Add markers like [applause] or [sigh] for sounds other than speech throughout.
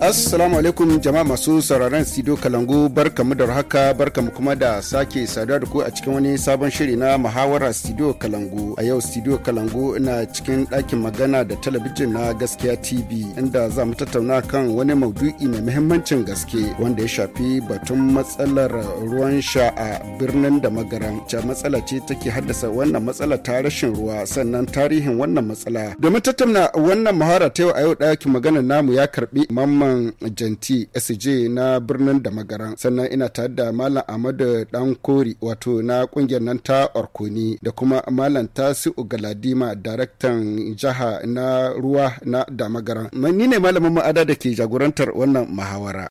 Assalamu alaikum jama'a masu sauraron Sido Kalangu barkamu da haka barkamu kuma da sake saduwa da ku a cikin wani sabon shiri na muhawara Sido Kalangu. A yau Sido Kalangu ina cikin ɗakin magana da talabijin na gaskiya TV inda za mu tattauna kan wani maudu'i mai muhimmancin gaske wanda ya shafi batun matsalar ruwan sha a birnin da magaran. ce matsala ce take haddasa wannan matsala ta rashin ruwa sannan tarihin wannan matsala. Domin tattauna wannan muhawara ta yau a yau ɗakin magana namu ya karɓi mamman malam janti sj na birnin da magaran sannan ina tare da malam ahmadu dan kori wato na kungiyar nan ta orkoni da kuma malam tasiu galadima daraktan jiha na ruwa na da magaran ni ne malamin ma'ada da ke jagorantar wannan muhawara.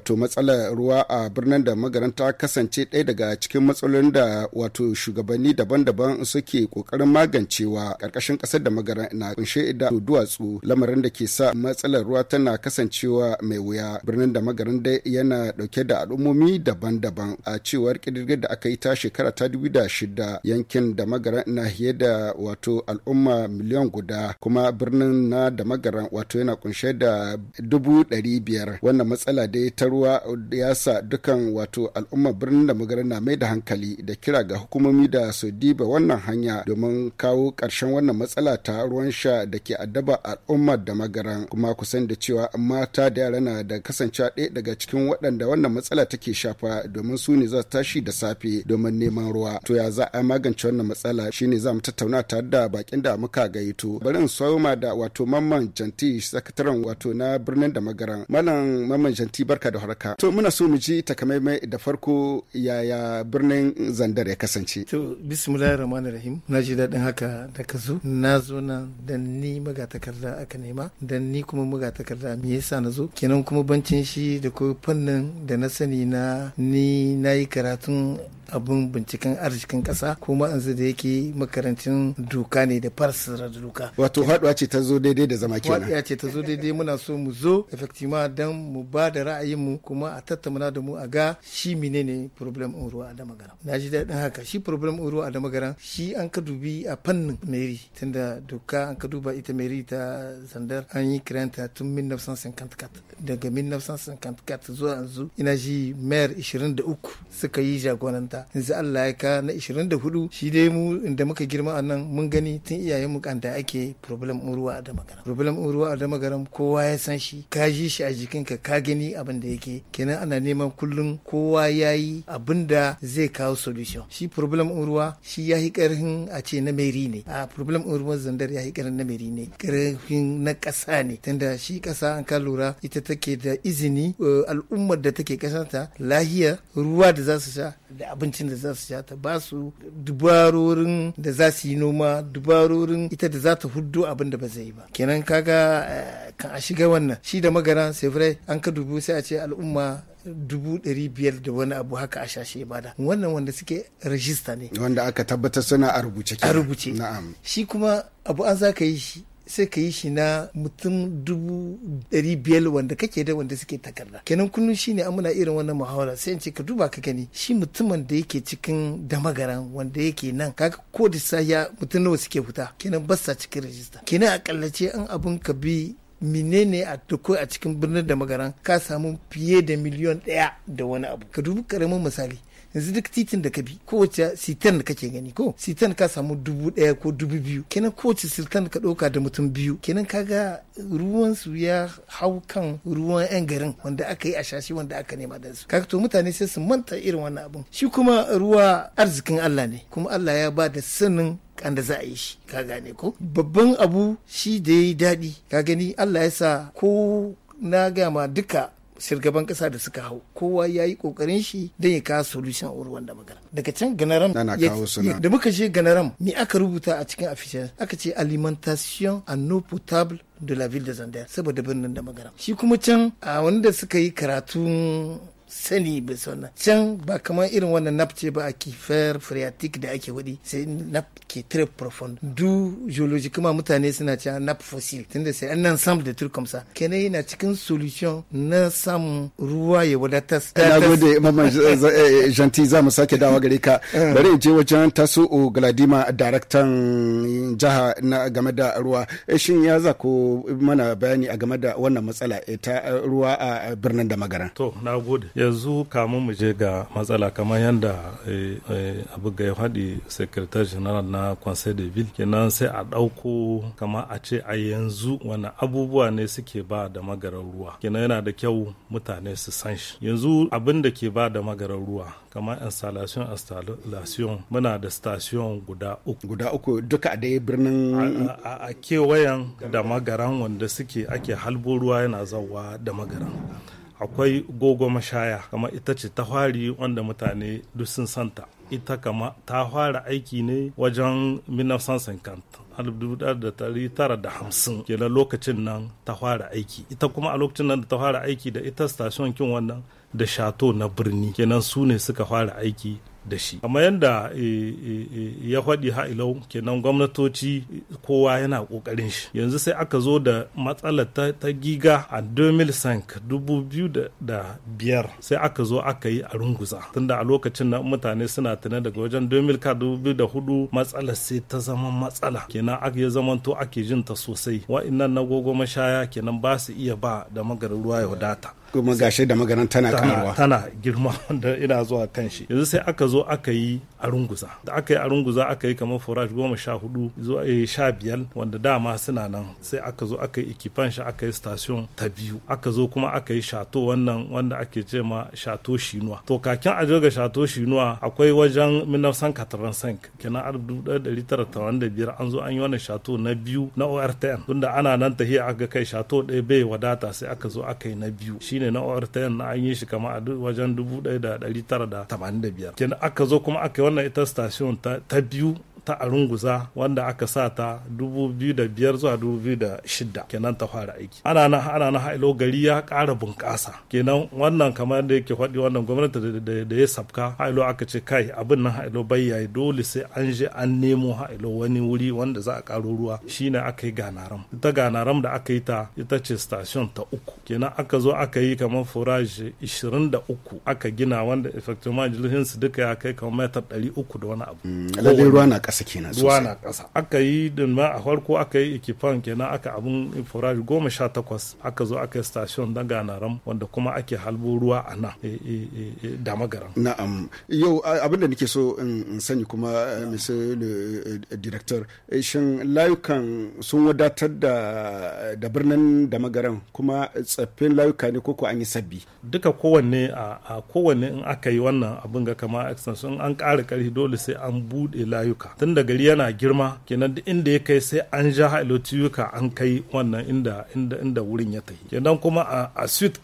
wato matsalar ruwa a birnin da magaran ta kasance ɗaya daga cikin matsalolin da wato shugabanni daban-daban suke ƙoƙarin magancewa ƙarƙashin ƙasar da magaran na kunshe da duwatsu lamarin da ke sa matsalar ruwa tana kasancewa mai wuya birnin da magaran dai yana ɗauke da al'ummomi daban-daban a cewar ƙididdigar da aka yi ta shekara ta dubu da shida yankin da magaran na fiye da wato al'umma miliyan guda kuma birnin na da magaran wato yana kunshe da dubu ɗari biyar wannan matsala dai ta ruwa ya sa dukan wato al'ummar birnin da magana na mai da hankali da kira ga hukumomi da su diba wannan hanya domin kawo ƙarshen wannan matsala ta ruwan sha da ke addaba al'ummar da magaran kuma kusan da cewa mata da yara na da kasancewa ɗaya daga cikin waɗanda wannan matsala take shafa domin su ne za su tashi da safe domin neman ruwa to ya za a magance wannan matsala shine za mu tattauna tare da bakin da muka gayyato barin soma da wato mamman janti sakataren wato na birnin da magaran malam mamman janti barka da harka. To muna so mu ji takamaimai da farko yaya birnin Zandar ya kasance. To bismillahir rahmanir rahim. Na ji daɗin haka da ka zo. Na zo na da ni magatakarda aka nema da ni kuma magatakarda me yasa na zo kenan kuma bancin shi da ko fannin da na sani na ni nayi yi karatun abin binciken arzikin kasa kuma yanzu da yake makarantun doka ne da farsara da doka wato haɗuwa ce ta zo daidai da zama kenan Haɗuwa ce ta zo daidai muna so mu zo efektima don mu ba da ra'ayin mu kuma a tattauna da mu a ga shi ne problem in ruwa a da magana na ji daɗin haka shi problem in ruwa a da magana shi an ka dubi a fannin meri tunda doka an ka duba ita meri ta zandar an yi kiranta tun 1954 daga 1954 zuwa yanzu ina ji mayar 23 suka yi jagoranta yanzu Allah ya ka na 24 shi dai mu inda muka girma a nan mun gani tun iyayen mu kanta ake problem ruwa a damagaram problem ruwa a damagaram kowa ya san shi ka ji shi a jikinka ka gani abin da yake kenan ana neman kullum kowa ya yi zai kawo solution shi problem ruwa shi ya yi karhin a ce na meri ne a problem in zandar ya yi karhin na meri ne karhin na ƙasa ne tunda shi kasa an ka lura ita take da izini eh, al'ummar da take kasanta lahiya ruwa da za su sha da abincin da za su sha ta ba su dubarorin da za su yi noma dubarorin ita da za ta huddo abin da ba zai yi ba kenan kaga ka eh, a shiga wannan shi da magana sevrai an ka dubu sai a ce al'umma dubu ɗari biyar da wani abu haka a shashe ibada wannan wanda suke rajista ne wanda aka tabbatar suna a rubuce a rubuce na'am shi kuma abu an za ka yi shi sai ka yi shi na mutum dubu ɗari biyar wanda kake da wanda suke takarda kenan kullum shine an muna irin wannan muhawara sai in ce ka duba ka gani shi mutumin da yake cikin damagaran wanda yake nan kaga ko da saya mutum nawa suke fita kenan basa cikin rajista kenan a kallace an abun ka bi menene a tukwai a cikin birnin da magaran ka samu fiye da miliyon ɗaya da wani abu ka dubi karamin misali yanzu duk titin da ka bi kowace sitan da kake gani ko sitan ka samu dubu ɗaya ko dubu biyu kenan kowace sitan ka ɗauka da mutum biyu kenan kaga ruwan su ya hau kan ruwan yan garin wanda aka yi a shashi wanda aka nema da su kaga to mutane sai su manta irin wannan abun shi kuma ruwa arzikin Allah ne kuma Allah ya ba da sanin kanda da za a yi shi ka gane ko babban abu shi da ya yi daɗi ka gani Allah ya sa ko na gama duka shirgaban kasa da suka hau kowa ya yi kokarin shi don ya kawo solution a wanda magana daga can ganaram da muka je ganaram me aka rubuta a cikin afishin aka ce alimentation a no potable de la ville de zandar saboda birnin da magana shi kuma can a wanda suka yi karatun sani ba sauna can ba kamar irin wannan nap ce ba a kifar phreatic da ake wadi sai nap ke très profond du geologique kuma mutane suna cewa nap fossil tunda sai an ensemble de trucs comme ça yana cikin solution na sam ruwa ya wadatar eh, na gode mamman janti eh, eh, za mu sake dawa gare ka bari in je wajen taso galadima daraktan jiha na game da ruwa shin ya za ko mana bayani a game da wannan matsala ta ruwa a birnin da magara to na gode yanzu kamu mu je ga matsala kamar yadda eh, eh, abu ga ya faɗi sekretar general na conseil de ville kenan sai a ɗauko kama a ce a yanzu wani abubuwa ne suke ba da magarar ruwa kenan yana da kyau mutane su san shi yanzu abin da ke ba da magarar ruwa kamar installation installation muna da station guda uku guda uku duka da birnin a kewayen da magaran wanda suke ake halbo ruwa yana zawa da magaran akwai gogo mashaya kama ita ce ta fari wanda mutane duk sun santa ita kama ta fara aiki ne wajen 1950 kila lokacin nan ta fara aiki ita kuma a lokacin nan da ta fara aiki da ita station kin wannan da shato na birni kenan su ne suka fara aiki da shi amma yadda eh, eh, eh, ya faɗi ha'ilau kenan gwamnatoci kowa yana ƙoƙarin shi yanzu sai aka zo da matsalar ta giga a 2005 sai aka zo aka yi a runguza tunda a lokacin na mutane suna tuna daga wajen 2004 matsalar sai ta zama matsala kenan aka ya zamanto ake jin ta sosai wa'annan na gogo mashaya kenan ba su iya ba da magarin ruwa ya wadata kuma gashi da magaran tana kamarwa tana girma wanda [laughs] ina zuwa kan shi yanzu sai aka zo aka yi a runguza da aka yi a aka yi kamar forage goma sha hudu zuwa eh, sha biyar wanda dama suna nan sai aka zo aka yi ikifan shi aka yi station ta biyu aka zo kuma aka yi shato wannan wanda ake ce ma shato shinuwa to kakin a ga shato shinuwa akwai wajen san katarin san kenan a biyar an zo an yi wannan shato na biyu na ortn tunda ana nan tahiya aka kai shato ɗaya bai wadata sai aka zo aka yi na biyu shi ne na na an yi shi kama a wajen 1985 kenan aka zo kuma aka yi wannan ita station ta biyu ta arunguza wanda aka sa ta 2005 zuwa 2006 kenan ta fara aiki ana na ana na hailo gari ya kara bunƙasa kenan wannan kamar da yake faɗi wannan gwamnati da ya sabka hailo aka ce kai abin nan hailo bai yayi dole sai an je an nemo hailo wani wuri wanda za a karo ruwa shine aka yi ganaram ita ganaram da aka yi ta ita ce station ta uku kenan aka zo aka yi kamar forage 23 aka gina wanda effectivement jirgin su duka ya kai kamar metar 300 da wani abu. Mm, Lalle ruwa na ƙasa kenan sosai ruwa na ƙasa aka yi din ma a farko aka yi ikifan kenan aka abun forage goma sha takwas aka zo aka yi station na ganaram wanda kuma ake halbo ruwa a nan eh, eh, eh, da magaram na'am yau abinda nake so in sani kuma mr director shin layukan sun wadatar da da birnin da magaran kuma tsaffin layuka ne ko an yi sabbi duka kowanne a kowanne in aka yi wannan abin ga kama extension an ƙara ƙarfi dole sai an buɗe layuka tun da gari yana girma kenan duk inda ya kai sai an ja halotiyuka an kai wannan inda wurin ya tafi kenan kuma a, a suit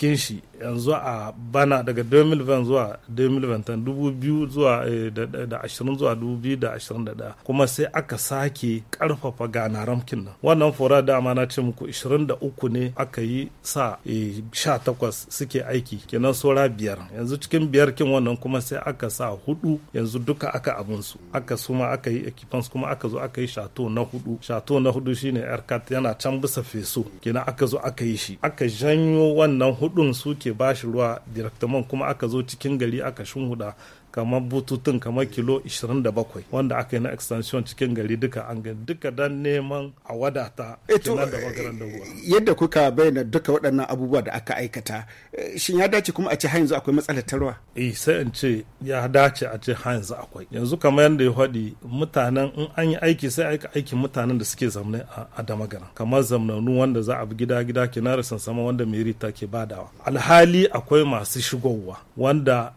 yanzu a bana daga 2020 zuwa 2020 zuwa eh, da zuwa 2021 kuma sai aka sake karfafa gana ramkin nan wannan fura dama na ce muku 23 ne aka yi sa 18 eh, suke aiki kenan saura biyar yanzu cikin biyar kin wannan kuma sai aka sa hudu yanzu duka aka abinsu aka suma aka yi ekipans kuma aka zo aka yi shato na hudu shato na hudu shine aircat yana can bisa feso kenan aka zo aka yi shi aka janyo wannan hudun su. ake ba shi ruwa directement kuma aka zo cikin gari aka shunhuda kamar bututun kamar kilo 27 wanda aka yi na extension cikin gari duka an gani duka dan neman a wadata eh, kenan eh, yadda kuka bayyana duka waɗannan abubuwa da aka aikata eh, shin ya dace kuma a ce hanyar yanzu akwai matsalar tarwa eh sai in ce ya dace a ce hanyar yanzu akwai yanzu kamar yadda ya faɗi mutanen in an yi aiki sai aika aikin mutanen da suke zamne a damagaran kamar zamnanu wanda za a bi gida gida kinara sansama wanda merita ke badawa alhali akwai masu shigowa wanda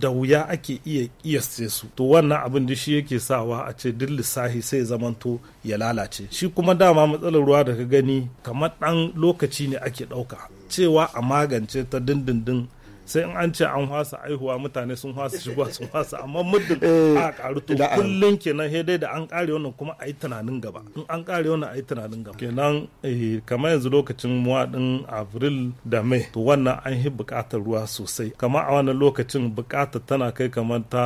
da wuya ake iya kiyasce su to wannan abin da shi yake sawa a ce duk lissahi sai zamanto ya lalace shi kuma dama matsalar ruwa da ka gani kamar ɗan lokaci ne ake ɗauka cewa a magance ta dindindin sai in an ce an hwasa aihuwa mutane sun hwasa shigowa sun hwasa amma muddin [laughs] eh, a karu to kullum kenan he dai da an kare wannan kuma a yi tunanin gaba in an kare wannan a yi tunanin gaba kenan eh, kamar yanzu lokacin muwa din abril da mai to wannan an yi bukatar ruwa sosai kama a wannan lokacin bukatar tana kai kamar ta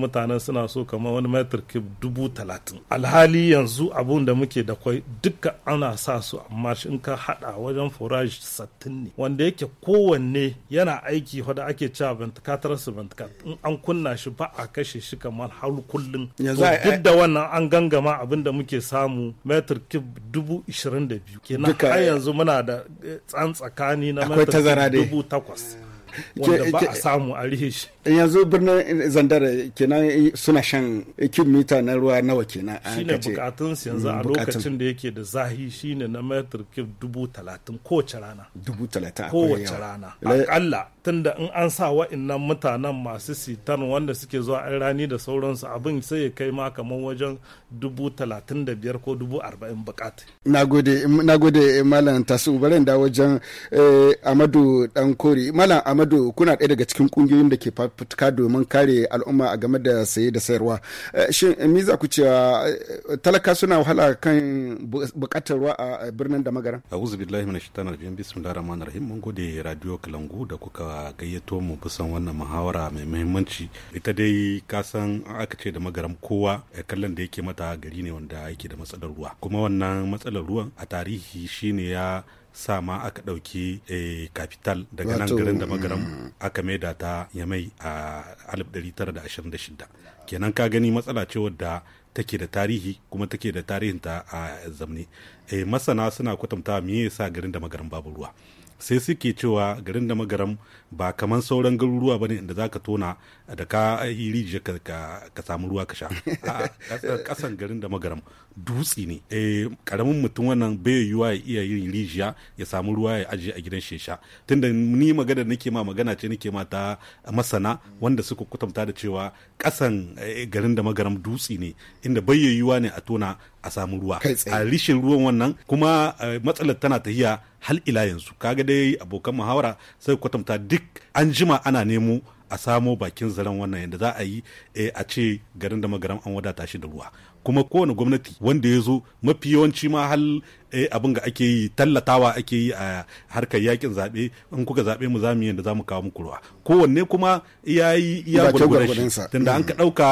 mutanen suna so kamar wani metar kib dubu talatin alhali yanzu abun da muke da kwai duka ana sa su amma in ka hada wajen forage sattin ne wanda yake kowanne yana aiki wadda ake cewa ventilator su ventilator in an kunna shi ba a kashe shi kamar har kullum duk da wannan an gangama abin da muke samu metr kib dubu ishirin da biyu kenan har eh, yanzu muna da eh, tsan tsakani na metr dubu takwas wanda ba a samu a rihe shi yanzu birnin zandara kenan suna shan kilomita na ruwa nawa kenan shine bukatun su yanzu a mm, lokacin da yake da zahi shine na metar kif dubu talatin kowace rana dubu talatin kowace rana akalla tunda in an sa wa'annan mutanen masu sitan wanda suke zuwa an rani da sauransu abin sai ya kai ma kamar wajen dubu talatin da biyar ko dubu arba'in bukatu. Na gode eh, Malam Tasu barin da wajen eh, Amadu Dankori. Malam Amadu kuna ɗaya daga cikin ƙungiyoyin da ke fafutuka domin kare al'umma a game da saye da sayarwa. Eh, shin me za ku cewa talaka suna wahala kan bukatar ruwa a birnin da magara? A'udhu billahi minash shaitanir rajim bismillahir rahmanir rahim. Mun gode Radio Kalangu da kuka gayyato mu bisan wannan muhawara mai muhimmanci. Ita dai ka kasan aka ce da magaram kowa kallon da yake mata tabbata gari ne wanda yake da matsalar ruwa kuma wannan matsalar ruwan a tarihi shine ya sa ma aka ɗauki kapital eh, daga nan garin da magaram mm. aka maida ta yamai a 1926 kenan ka gani matsala ce wadda take da tarihi kuma take da tarihinta a zamani eh, masana suna kwatanta me sa garin da magaram babu ruwa sai suke cewa garin da magaram ba kamar sauran garuruwa ba ne inda za ka tona da ka yi rijiya ka samu ruwa ka sha kasan [laughs] garin da magaram dutsi ne karamin eh, mutum wannan bai ya iya yin rijiya ya samu ruwa ya ajiye a gidan shi sha tunda ni magana nake ma magana ce nake ma ta masana wanda suka kutamta da cewa kasan eh, garin da magaram dutsi ne inda bai ne a tona a samu ruwa a rishin ruwan wannan kuma eh, matsalar tana ta tahiya hal ila yanzu kaga dai abokan muhawara sai kwatanta duk an jima ana nemo a samo bakin zaren wannan yadda za a yi eh, a ce garin da magaram an wadata shi da ruwa kuma kowane gwamnati wanda ya zo mafi yawanci ma Eh, abin ga ake yi tallatawa ake yi a harkar yakin zaɓe in kuka zaɓe mu zamu yadda zamu kawo muku ruwa kowanne kuma ya yi iya gwargwaron shi tunda an mm. ka ɗauka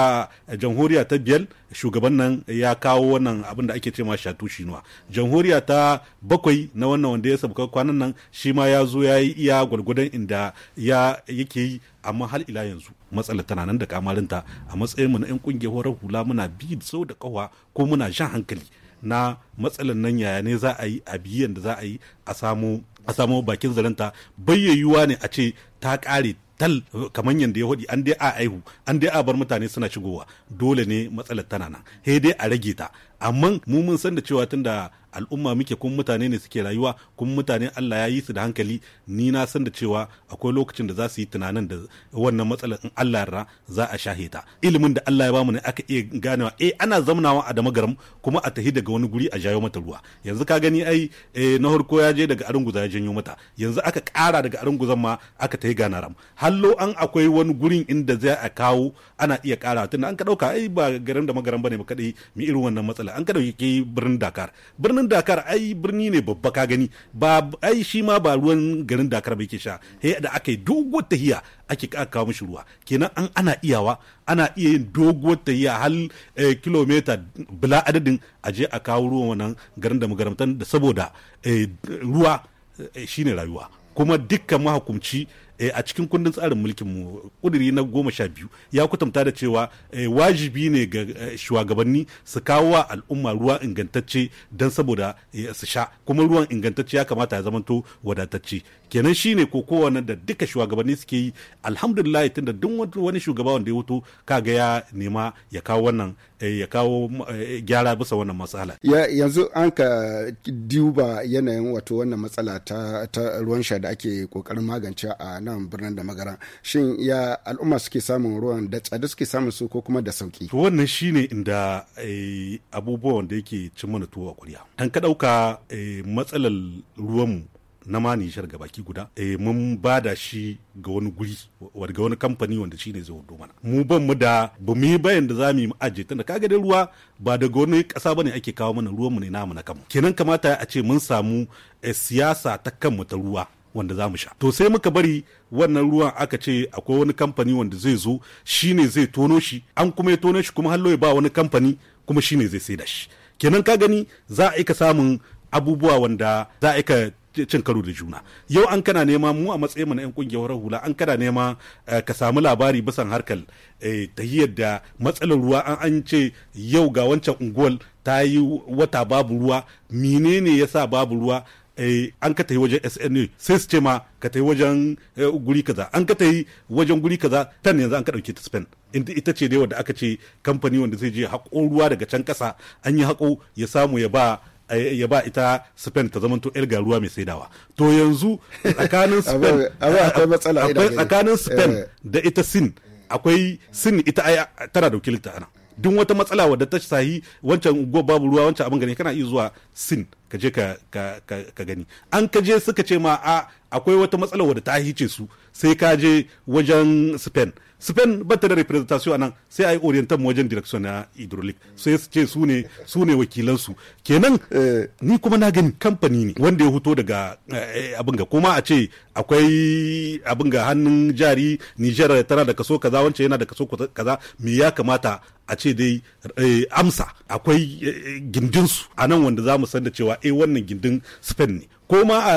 eh, jamhuriya ta biyar shugaban nan ya kawo wannan abin da ake ce ma shatu shi shinuwa jamhuriya ta bakwai na wannan wanda ya sabuka kwanan nan shi ma ya zo ya yi iya gwargwadon inda ya yake yi amma hal ila yanzu matsala tana nan da kamarinta a matsayinmu na 'yan kungiyar horar hula muna bi da sau da kawa ko muna jan hankali na matsalan nan yaya ne za a yi a biyan da za a yi a samo a samo bakin zalanta bayyayuwa ne a ce ta ƙare tal kamar yadda ya hudi an dai a aihu an dai a bar mutane suna shigowa dole ne matsalar tana nan he dai a rage ta amma mu mun san da cewa tun da. al'umma muke kun mutane ne suke rayuwa kun mutane Allah ya yi su da hankali ni na san da cewa akwai lokacin da za su yi tunanin da wannan matsalar in Allah ra za a shahe ta ilimin da Allah ya bamu ne aka iya ganewa eh ana zamnawa a damagaram kuma a tahi daga wani guri a jayo mata ruwa yanzu ka gani ai eh, na harko ya je daga arunguza ya janyo mata yanzu aka kara daga arunguzan ma aka tahi ganara. hallo an akwai wani gurin inda zai a kawo ana iya kara tunda an ka dauka ai ba garin da magaran bane ba kadai mi irin wannan matsala an ka dauki birnin Dakar birnin birnin dakar ai birni ne babba ka gani ba ai shi ma ba ruwan garin dakar ba yake sha he da aka yi doguwar tahiya ake kawo mishi ruwa kenan an ana iyawa ana iya yin doguwar tahiya hal eh, kilomita bila adadin a je a kawo ruwan wannan garin da magaramtan da saboda eh, ruwa eh, shine rayuwa kuma dukkan mahukumci Eh, a cikin kundin tsarin mulkin mu kuduri na goma sha biyu ya kutumta da cewa eh, wajibi ne ga eh, shugabanni su kawo wa al'umma ruwa ingantacce don saboda su sha kuma ruwan ingantacce ya kamata ya zamanto wadatacce kenan shine ko kowane da duka shugabanni suke yi alhamdulillah tunda duk wani shugaba wanda ya wuto kaga ya nema ya kawo wannan eh, ya kawo eh, gyara bisa wannan matsala yanzu an ka duba yanayin wato wannan matsala ta ruwan sha da ake kokarin magance a nan birnin da magara shin ya al'umma suke samun ruwan da tsada suke samun su ko kuma da sauki to wannan shine inda eh, abubuwan da yake cin mana tuwo a kuriya an ka dauka matsalar ruwanmu na ma Nijar ga baki guda eh mun bada shi ga wani guri ga wani kamfani wanda shine zai mana mu ban mu da ba mu yi bayan da zamu yi mu aje tunda kaga da ruwa ba daga wani kasa bane ake kawo mana ruwan mu ne namu na kanmu kenan kamata a ce mun samu eh, siyasa ta kanmu ta ruwa wanda za mu sha to sai muka bari wannan ruwan aka ce akwai wani kamfani wanda zai zo shine zai tono shi an kuma ya tono shi kuma hallo ya ba wani kamfani kuma shine zai sai da shi kenan ka gani za a yi ka samun abubuwa wanda za a yi ka. cin karo da juna yau an kana nema mu a matsayin mu na yan kungiyar hula an kana nema eh, ka samu labari bisan harkar eh, ta yadda matsalar ruwa an an ce yau ga wancan unguwar ta yi wata babu ruwa menene yasa babu ruwa eh, an ka tafi wajen sna sai su ce ma ka tafi wajen guri kaza an ka tafi wajen guri kaza tan yanzu an ka dauke ta spain inda ita ce dai wanda aka ce kamfani wanda zai je hakon ruwa daga can kasa an yi hako ya samu ya ba Eh, ya ba ita spain ta zamanto yar garuwa mai saidawa to yanzu tsakanin [laughs] spain tsakanin spain eh. da ita sin akwai sin ita tana da ta ana duk wata matsala wadda ta sahi wancan go babu ruwa wancan abin gani kana iya zuwa sin ka je ka, ka, gani an ka je suka ce ma a akwai wata matsala wadda ta hice su sai ka je wajen spain spain ba ta da representation nan sai a yi orientan wajen direction na hydraulic sai su ce su ne su ne wakilansu kenan eh, ni kuma na gani kamfani ne wanda ya huto daga eh, abin ga kuma a ce akwai abin ga hannun jari niger tana da kaso kaza wancan yana da kaso kaza me ya kamata a ce dai eh, amsa akwai gindinsu a nan wanda za mu san da cewa eh wannan gindin spain ne ko ma a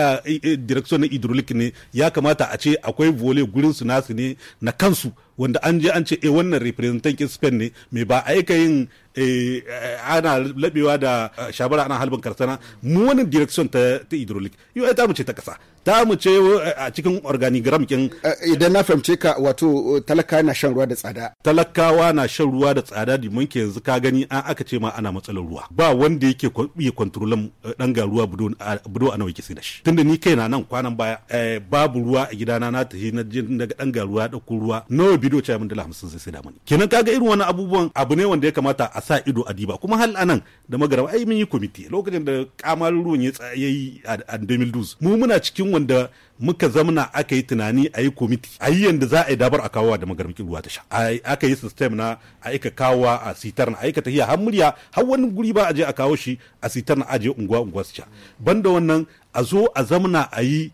direction na hydraulic ne ya kamata a ce akwai vole gurin su nasu ne na kansu wanda an je an ce e wannan representant spain ne mai ba aika yin eh, eh, ana labewa da shabara ana halbin karsana mu wani direction ta hydraulic yau ai ta mu ce ta kasa ta mu ce uh, a cikin organigram kin eh, eh, idan na fahimce ka wato uh, talaka na shan ruwa da tsada talakawa na shan ruwa da tsada da mun yanzu ka gani an aka ce ma ana matsalar ruwa ba wanda yake iya kontrolin dan uh, ga ruwa budo a nawa sai da shi tunda ni kai na nan kwanan baya eh, babu ruwa a gidana na tafi na daga dan ga ruwa da ruwa nawa bido ce mun dala 50 sai sai da mun kenan kaga irin wani abubuwan abu ne wanda ya kamata a sa ido a diba kuma hal anan da magaraba ai mun yi committee lokacin da kamar ruwan ya yi a 2012 mu muna cikin wanda muka zamana aka yi tunani a yi komiti a yi yadda za a yi dabar a kawowa da magarmakin ruwa ta sha aka yi sistem na a aika kawowa a sitar na aika tahiya har murya har wani guri ba a je a kawo shi a sitar na aje unguwa unguwa su sha banda wannan a zo a zamna a yi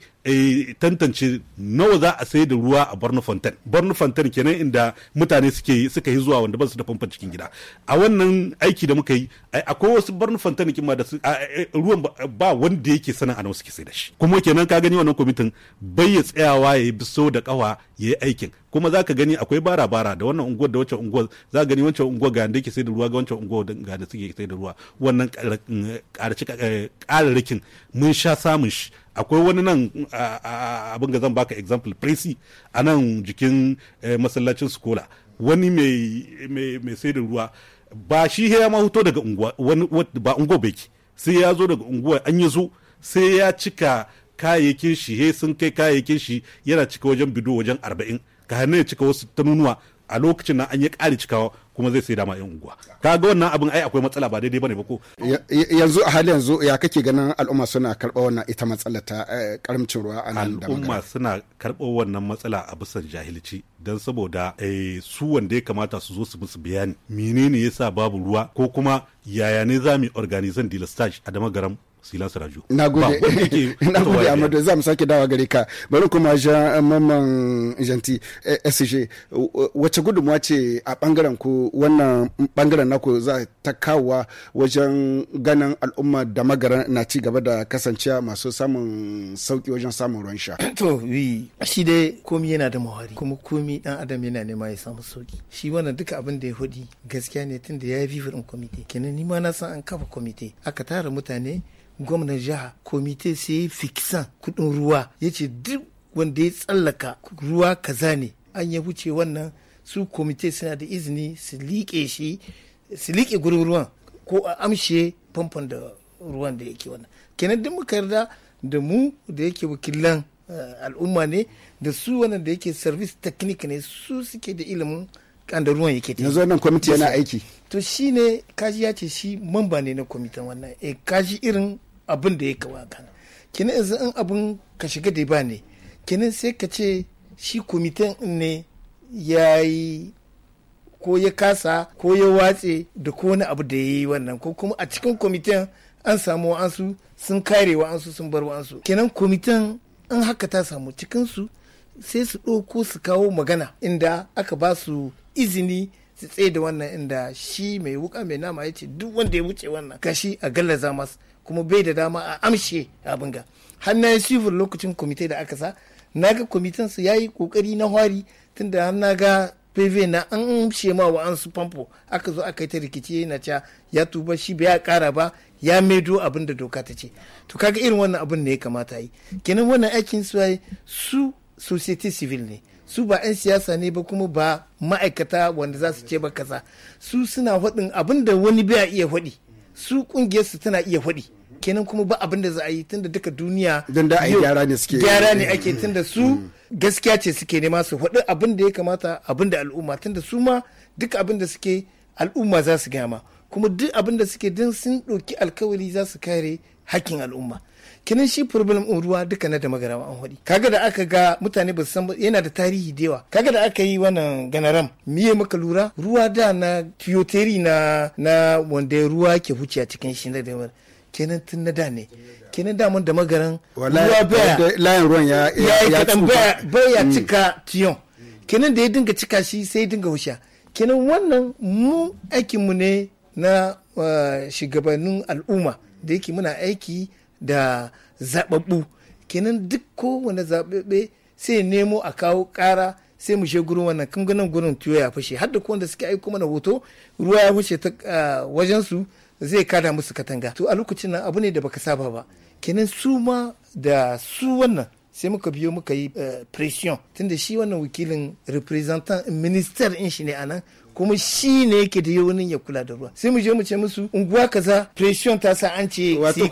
tantance nawa za a sai da ruwa a borno fontaine borno Fontaine kenan inda mutane suke suka yi zuwa wanda ba su da famfa cikin gida a wannan aiki da muka yi akwai wasu borno fontan da su da ruwan ba wanda yake sanin a suke sai da shi kuma kenan ka gani wannan kwamitin bai ya tsayawa ya yi so da kawa ya yi aikin kuma za ka gani akwai bara bara da wannan unguwar da wancan unguwar za ka gani wancan unguwar ga da yake sai da ruwa ga wancan unguwar ga da suke sai da ruwa wannan ƙararrakin mun sha samun shi akwai wani nan abin ga zan baka example presi a nan jikin eh, masallacin skola wani mai sai da ruwa ba shi ya ma hoto daga unguwa ba ungo beki sai ya zo daga unguwa an yi zo sai ya cika kayayyakin shi he sun kai kayayyakin shi yana cika wajen bido wajen arba'in ka hannu ya cika wasu tanunuwa a lokacin nan an yi ƙari cikawa kuma zai sai dama yan unguwa kaga wannan abin ai akwai matsala ba daidai bane ba ko yanzu a halin yanzu ya kake ganin al'umma suna karɓar wannan ita matsala ta karamcin eh, ruwa a nan da al'umma suna karɓar wannan matsala a bisan jahilci dan saboda eh, su wanda ya kamata su zo su musu bayani menene yasa babu ruwa ko kuma yaya ne za mu organizan dila stage a dama garam silas raju na gode [laughs] na gode amadu za mu sake dawa gare ka bari kuma ja eh, maman janti eh, sg wace gudunmuwa ce a bangaren ku wannan bangaren naku za ta kawo wajen ganin al'umma da magara na ci gaba da kasancewa masu samun sauki wajen samun ruwan sha to wi shi dai komi yana da muhari kuma komi dan adam yana nema ya samu sauki shi wannan duka abin da ya hudi gaskiya ne tunda ya yi vivir in komite kenan ni ma na san an kafa komite aka tara mutane gwamnan jiha komite sai ya fiksan kudin ruwa ya ce duk wanda ya tsallaka ruwa kaza ne an ya wuce wannan su komite suna da izini su liƙe shi su liƙe gurin ruwan ko a amshe famfon da ruwan da yake wannan kenan duk muka yarda da mu da yake wakilan eh, al'umma ne da su wannan da yake service technique ne su suke da ilimin kan da ruwan yake yanzu wannan kwamiti yana aiki to ne kaji ya ce shi mamba ne na kwamitin wannan e kaji irin abin da ya kawo kan kina yanzu in abin ka shiga da ba ne kina sai ka ce shi kwamitin ne ya yi ko ya kasa ko ya watse da ko wani abu da ya yi wannan ko kuma a cikin kwamitin an samu wa'ansu sun kare wa'ansu sun bar wa'ansu kenan kwamitin in haka ta samu cikinsu sai su ɗauko su kawo magana inda aka ba su izini su tsaye da wannan inda shi mai wuka mai nama ya ce duk wanda ya wuce wannan gashi a gallaza masu kuma bai da dama a amshe abin ga har civil lokacin kwamitin da aka sa na ga kwamitin su ya yi kokari na hwari tunda har na ga pv na an amshe ma wa an su famfo aka zo aka yi ta rikici na ca ya tuba shi bai ya kara ba ya maido abin da doka ta ce to kaga irin wannan abin ne ya kamata yi kenan wannan aikin su su society civil ne su ba 'yan siyasa ne ba kuma ba ma'aikata wanda za su ce ba kaza su suna faɗin abin da wani bai iya faɗi su ƙungiyarsu tana iya faɗi kenan kuma ba abin da za a yi tunda duka duniya don da ai gyara ne suke gyara ne ake tunda su mm. gaskiya ce suke nema su faɗi abin da ya kamata abin da al'umma tunda su ma duka abin da suke al'umma za su gama kuma duk abin da suke din sun ɗauki alkawari za su kare hakkin al'umma kenan shi problem ɗin ruwa duka na da magarama an hudi kaga da aka ga mutane ba san yana da tarihi da yawa kaga da aka yi wannan ganaram miye maka lura ruwa da na tiyoteri na na wanda ruwa ke huce a cikin shi da kenan tun na da ne kenan mun da magaran ruwa ruwan ya yi baya mm. cika tiyon kenan da ya dinga cika shi sai ya dinga wusha kenan wannan mu mu ne na uh, shugabannin al'umma da yake muna aiki da zababbu kenan duk kowane zababbe sai nemo a kawo ƙara sai mu she gurin wannan kun ganin gurin tuyo ya fashe har da wanda suke aiko mana hoto ruwa ya fashe ta uh, wajen su zai kada musu katanga to a lokacin nan abu ne da baka saba ba kenan su ma da su wannan sai muka biyo muka yi eh, pression tunda shi wannan wakilin representant minister in shi ne anan kuma shi ne yake da yawanin ya kula da ruwa sai mu je mu ce musu unguwa kaza pression ta sa an ce wato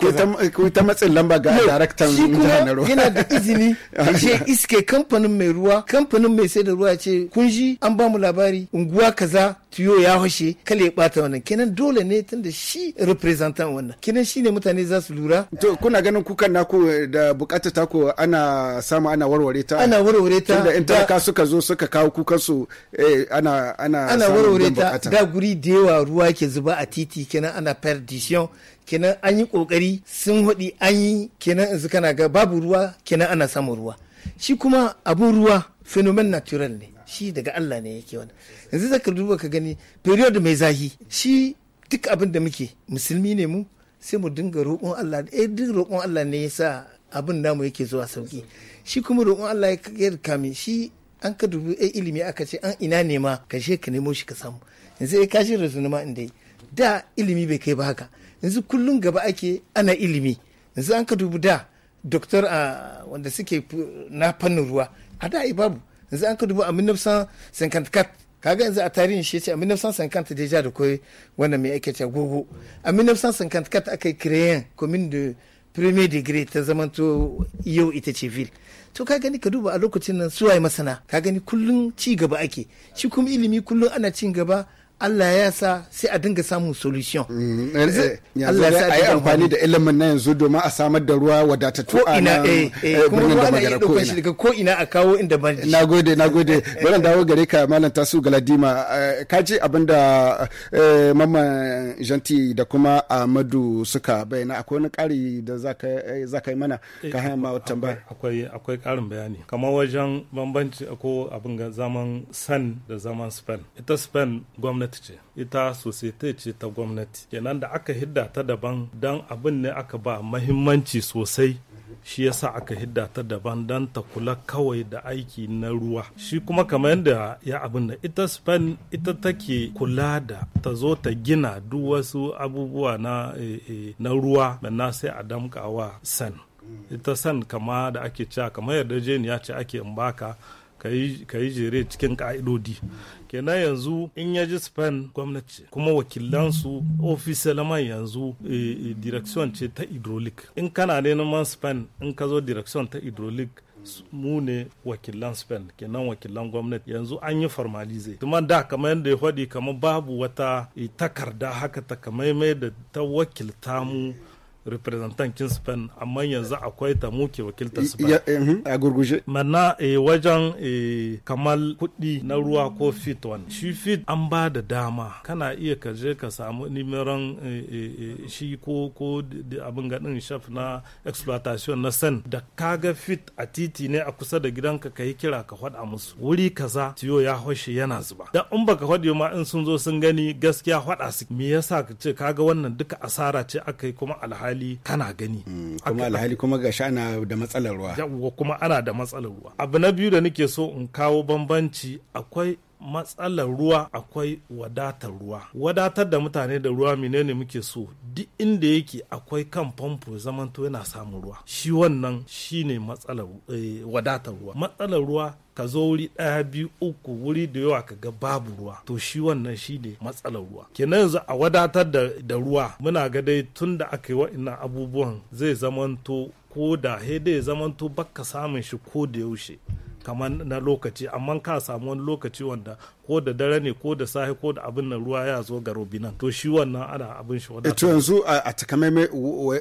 ko ta matsin lamba ga director jihar ruwa yana da izini [laughs] ce iske kamfanin mai ruwa kamfanin mai sai da ruwa ce kun ji an ba mu labari unguwa kaza tuyo ya hoshe kale ya bata wannan kenan dole ne tunda shi representant wannan kenan shi ne mutane za su lura to kuna ganin kukan naku da bukatar taku ana samu ana warware ta ana warware ta tunda in talaka suka zo suka kawo kukan su eh, ana ana ana warware ta da guri da yawa ruwa ke zuba a titi kenan ana perdition kenan an yi kokari sun hudi an yi kenan yanzu kana ga babu ruwa kenan ana samun ruwa shi kuma abun ruwa phenomenon natural ne shi daga Allah ne yake wani. yanzu zaka duba ka gani period mai zahi shi duk abin da muke musulmi ne mu sai mu dinga roƙon Allah eh duk roƙon Allah ne yasa abin namu yake zuwa sauki shi kuma roƙon Allah ya kame shi an ka dubi eh, ilimi aka ce an ina nema ka she ka nemo shi ka samu yanzu ya eh, kashi ma inda yi da ilimi bai kai ba haka yanzu kullum gaba ake ana ilimi yanzu an ka dubi da doktor a ah, wanda suke na fannin ruwa a da ai babu yanzu an ka dubi a minnafsan 1954 kaga yanzu a tarihin shi ce a minnafsan 1950 da ja da koyi wannan mai ake cewa gogo a 1954 aka yi kireyen commune de premier degree ta zamanto yau ita ce ville to ka gani ka duba a lokacin nan suwaye masana ka gani kullum ci gaba ake shi kuma ilimi kullum ana cin gaba Allah ya sa sai a dinga samun solution. Mm, eh, Allah ya sa a yi amfani da ilimin na yanzu domin a samar da ruwa wadatattu a nan eh, eh, birnin da magana ko ina. daga ko ina a kawo inda ba Na gode, na gode. [laughs] Bari dawo gare ka Malam Tasu Galadima. Ka ji abin da mamman Janti da kuma Ahmadu suka bayyana akwai wani ƙari da za ka yi mana ka haya ma tambaya. Akwai akwai ƙarin bayani. Kamar wajen bambanci ko abin zaman san da zaman span. Ita span gwamnati gwamnati ce ita sosai ce ta gwamnati kenan da aka hidda ta daban don abin ne aka ba mahimmanci sosai shi yasa aka hidda ta daban don ta kula kawai da aiki na ruwa shi kuma kamar yadda ya abin da ita spain ita take kula da ta zo ta gina duk wasu abubuwa na, e, e, na ruwa na sai a damkawa san ita san kama da ake cewa kamar ya ce ake in baka ka yi jere cikin ka'idodi kenan yanzu in ya ji spain gwamnati kuma wakilansu ofisalaman yanzu eh, eh, direction ce ta hydraulic in kana neman spain in ka zo direction ta hydraulic mu ne wakilan spain kenan wakilan gwamnati yanzu an yi formalize kuma da kamar yadda ya faɗi kamar babu wata eh, takarda haka ta takamaimai da ta wakilta mu representantin spain amma yanzu akwai ta muke wakiltar spain eh, a gurguje mana eh, wajen eh, kamal kuɗi na ruwa ko fit one shi fit an ba da dama kana iya ka je ka samu nimeran shi ko ko abin gaɗin shaf na exploitation na sen da kaga fit a titi ne a kusa da gidanka ka yi kira ka faɗa musu wuri kaza tiyo ya hoshe yana zuba da in baka faɗi ma in sun zo sun gani gaskiya faɗa su me yasa ka ce kaga wannan duka asara ce aka yi kuma alhali alhali kana gani mm, kuma alhali kuma gashi ana da matsalar ruwa kuma ana da matsalar ruwa abu na biyu da nake so in kawo bambanci akwai matsalar ruwa akwai wadatar ruwa wadatar da mutane da ruwa menene muke so duk inda yake akwai kan famfo zamanto yana samun ruwa shi wannan ne matsalar eh, wadatar ruwa matsalar ruwa ka zo wuri ɗaya biyu uku wuri da yawa ka ga babu ruwa to shi wannan shi ne matsalar ruwa kenan yanzu a wadatar da, ruwa muna ga dai tun da aka yi wa'innan abubuwan zai zamanto ko da dai zamanto baka samun shi ko da yaushe kamar na lokaci amma ka samu wani lokaci wanda ko da dare ne ko da safe ko da abin nan ruwa ya zo ga robinan to shi wannan ana abin shi wadata. Eh, yanzu a takamaimai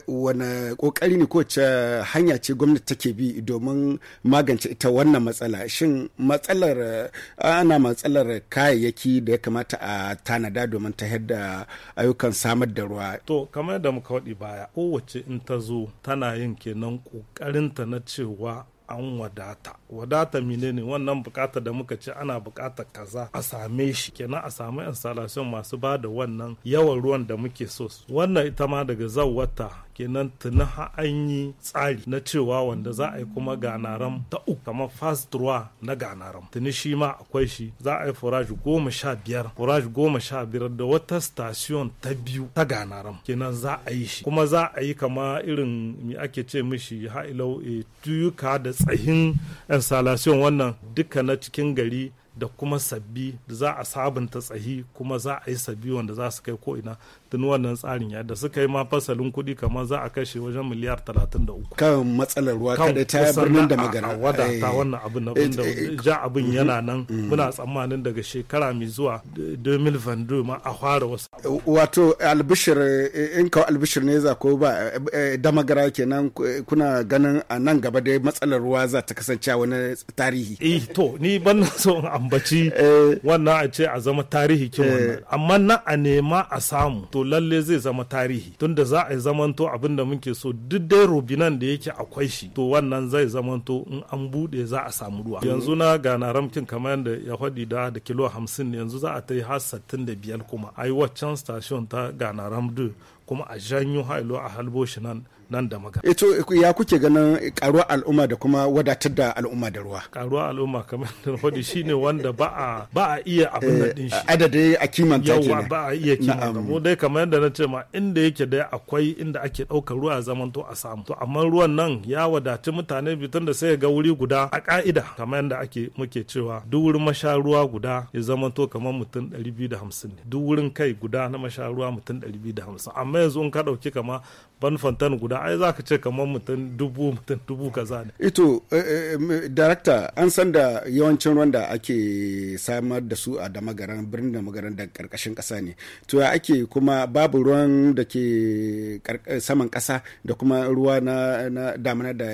wani kokari ne ko ce hanya ce gwamnati take bi domin magance ita wannan matsala shin matsalar ana matsalar kayayyaki da ya kamata a tanada domin ta yadda ayyukan samar da ruwa. to kamar da muka waɗi baya kowace in ta zo tana yin kenan ƙoƙarinta na cewa an wadata wadata mine ne wannan bukata da muka ci ana bukata kaza a same shi kenan a samu installation masu ba da wannan yawan ruwan da muke so wannan ita ma daga zan wata kenan tuni an yi tsari na cewa wanda za a yi kuma ganaram ta uku kamar fast ruwa na ganaram tuni shi ma akwai shi za a yi furaj goma sha biyar forage goma sha biyar da wata station ta biyu ta ganaram kenan za a yi shi kuma za a yi kama irin mi ake ce mishi ha'ilau eh, tuyuka da tsahin installation wannan duka na cikin gari da kuma sabbi da za a sabunta tsahi kuma za a yi sabbi wanda za su kai ko'ina tun wannan tsarin ya da suka yi ma fasalin kuɗi kamar za a kashe wajen miliyar 33 kan matsalar ruwa kada ta birnin da magana a eh. ta wannan abin na eh, da eh, ja abin yana mm-hmm. nan mm-hmm. muna tsammanin daga shekara mai zuwa 2022 ma a fara wasu wato albishir in ka albishir ne za ko ba da magara kenan kuna ganin a nan gaba dai matsalar ruwa za ta kasance wani tarihi eh to ni ban so ambaci eh. wannan a ce a zama tarihi ke wannan eh. amma na a nema a samu to lalle zai zama tarihi tunda za a zamanto abin da muke so duk dai robinan da yake akwai shi to wannan zai zamanto in an bude za a samu ruwa yanzu na gana ramkin kamar yadda ya faɗi da da kilo hamsin yanzu za a ta yi har sattin da biyar kuma ai waccan station ta gana ramdu kuma a janyo hailo a halboshi nan nan da maga. Eto eh, ya kuke ganin karuwa al'umma da kuma wadatar da al'umma da ruwa. Karuwa al'umma kamar da wadi ne wanda ba a ba a iya abin da din shi. Eh, Adadai a kiman ta Yawa ba a iya ta Mu dai kamar yadda na ce ma inda yake dai akwai inda ake ɗaukar ruwa zaman to a samu. To amma ruwan nan ya wadaci mutane bitan da sai ga wuri guda a ka'ida kamar yadda ake muke cewa duk wurin masha ruwa guda ya zaman to kamar mutum hamsin ne. Duk wurin kai guda na masha ruwa mutum hamsin. amma yanzu in ka ɗauki kama ban fantan guda ai za ka ce kamar mutum dubu mutum dubu kaza ne. ito eh, eh, eh, darakta an san da yawancin ruwan da ake samar da su a damagaran birnin damagaran da karkashin kasa ne to ya ake kuma babu ruwan da ke saman kasa da kuma ruwa na damana da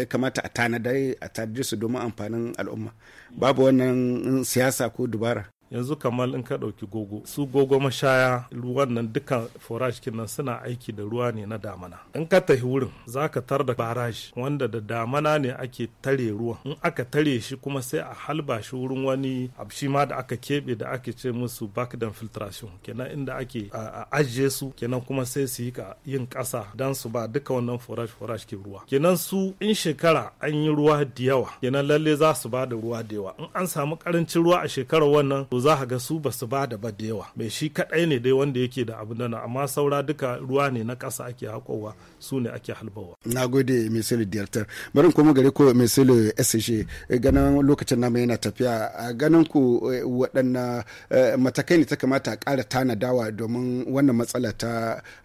ya kamata a tanadar a tanadi su domin amfanin al'umma babu wannan siyasa ko dubara yanzu kamar in ka ɗauki gogo su gogo mashaya ruwan nan dukkan forage nan suna aiki da ruwa ne na damana in ka tafi wurin za ka tar da barrage wanda da damana ne ake tare ruwan in aka tare shi kuma sai a halba shi wurin wani abshi ma da aka keɓe da ake ce musu back dam filtration kenan inda ake a ajiye su kenan kuma sai su yi ka yin ƙasa dan su ba duka wannan forage forage ke ruwa kenan su in shekara an yi ruwa da yawa kenan lalle za su ba da ruwa da yawa in an samu karancin ruwa a shekarar wannan to za ka ga su ba ba da ba da yawa mai shi kadai ne dai wanda yake da abu nan amma saura duka ruwa ne na ƙasa ake hakowa su ne ake halbawa na gode misali diyartar barin kuma gare ko misali sashe ganin lokacin nama yana tafiya a ganin ku eh, waɗanne eh, matakai ne ta kamata a ƙara dawa domin wannan matsala ta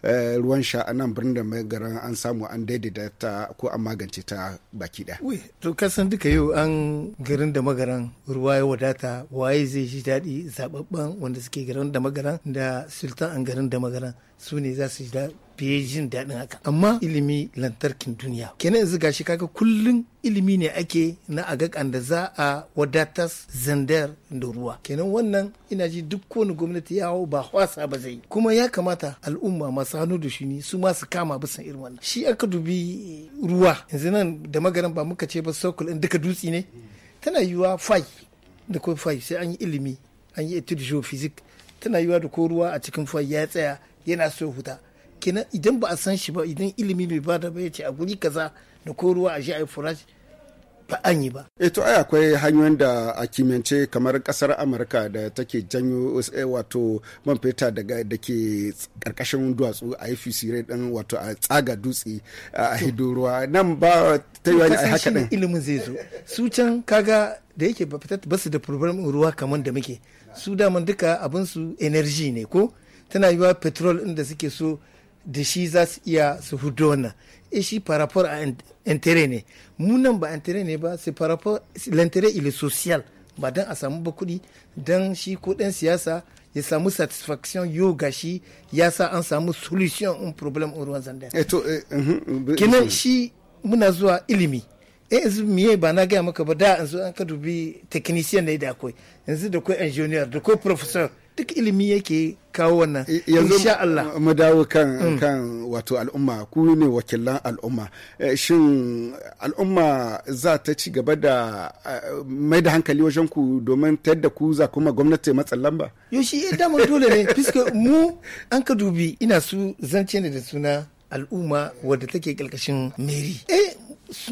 eh, ruwan sha a nan birnin da mai garin an samu an daidaita ta ko an magance ta baki ɗaya. to kasan duka yau an garin da magaran ruwa ya wadata waye zai ji daɗi daɗi zababban wanda suke garin da magaran da sultan an garin da magaran su ne za su fiye jin daɗin haka amma ilimi lantarkin duniya kenan yanzu gashi kaga kullun ilimi ne ake na agakan da za a wadatas zandar da ruwa kenan wannan ina ji duk kowane gwamnati ya hau ba hwasa ba zai kuma ya kamata al'umma masu hannu da ne su ma su kama bisan irin wannan shi aka dubi ruwa yanzu nan da magaran ba muka ce ba sokul in duka dutse ne tana yiwuwa fai da kuma fai sai an yi ilimi an yi etude geophysic tana yiwa da ko ruwa a cikin fuwa ya tsaya yana so huta kenan idan ba a san shi ba idan ilimi bai bada ba ya ce a guri kaza da ko ruwa a shi a yi ba an yi ba. E to ai akwai hanyoyin da a kimance kamar kasar Amurka da take janyo eh, wato man fetur daga da ke karkashin duwatsu a yi fisire din wato a tsaga dutse a hidu ruwa nan ba ta yi a haka din. ilimin zai zo. Su can kaga da yake ba fitar ba su da problem ruwa kamar da muke. su daman duka su energy ne ko tana yiwa petrol inda suke so da shi za su iya su hudu wannan e shi parapor a intere ne munan ba intere ne ba sai parapor l'intere il social ba don a samu ba kuɗi don shi ko ɗan siyasa ya samu satisfaction yau gashi ya sa an samu solution un problem ruwan zanda eh, eh, mhm, kenan mhm. shi muna zuwa ilimi yanzu miye ba na gaya maka ba da yanzu an ka dubi technician ne da akwai yanzu da kai engineer da kai professor duk ilimi yake kawo wannan insha Allah mu dawo kan mm. kan wato al'umma ku ne wakilan al'umma eh, shin al'umma za ta ci gaba da eh, mai da hankali wajen ku domin ta yadda ku za kuma gwamnati matsan lamba yo shi eh, da mu dole ne [laughs] fiske mu an ka dubi ina su zance ne da suna al'umma wadda take kalkashin meri eh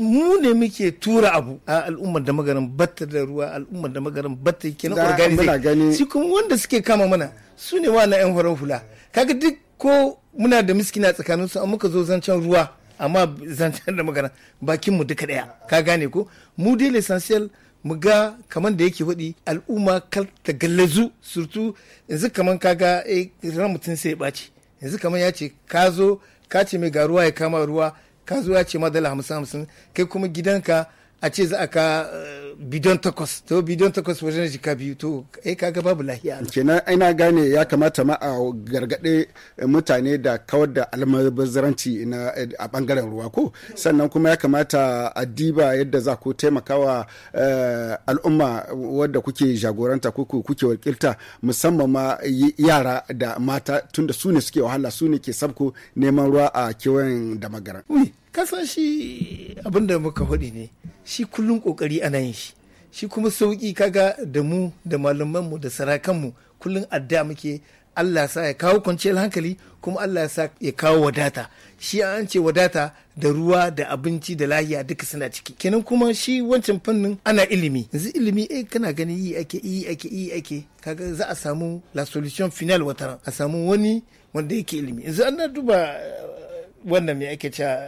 mu ne muke tura abu a al'ummar da magarin batta da ruwa al'ummar da magarin batta na organize shi kuma wanda suke kama mana su ne wa na yan farar hula kaga duk ko muna da miskina tsakanin su muka zo zancen ruwa amma zancen da magana bakin mu duka daya ka gane ko mu dai l'essentiel mu ga kamar da yake faɗi al'umma kar ta gallazu surtu yanzu kamar kaga eh, ran mutun sai ya bace yanzu kamar ya ce ka zo ka ce mai ga ruwa ya kama ruwa ka zo ya ce ma dala hamsin hamsin kai kuma gidanka a ce za a ka eh, bidon takwas to bidon takwas wajen jika biyu to eh kaga babu lahiya kenan ina gane ya kamata ma a gargade mutane da kawar da almubazzaranci na eh, a bangaren ruwa ko sannan kuma ya kamata a diba yadda za ku taimakawa eh, al'umma wadda kuke jagoranta ko kuke wakilta musamman ma yara da mata tunda su ne suke wahala su ne ke sabko neman ruwa a kewayen da magaran kasan shi abin da muka faɗi ne shi kullum ƙoƙari ana yin shi shi kuma sauƙi kaga da mu da malamanmu da sarakanmu kullum adda muke Allah sa ya kawo kwanciyar hankali kuma Allah sa ya kawo wadata shi an ce wadata da ruwa da abinci da lahiya duka suna ciki kenan kuma shi wancan fannin ana ilimi yanzu ilimi eh kana ganin yi ake yi ake yi ake kaga za a samu la solution final wata a samu wani wanda yake ilimi yanzu an duba eh, wannan me ake cewa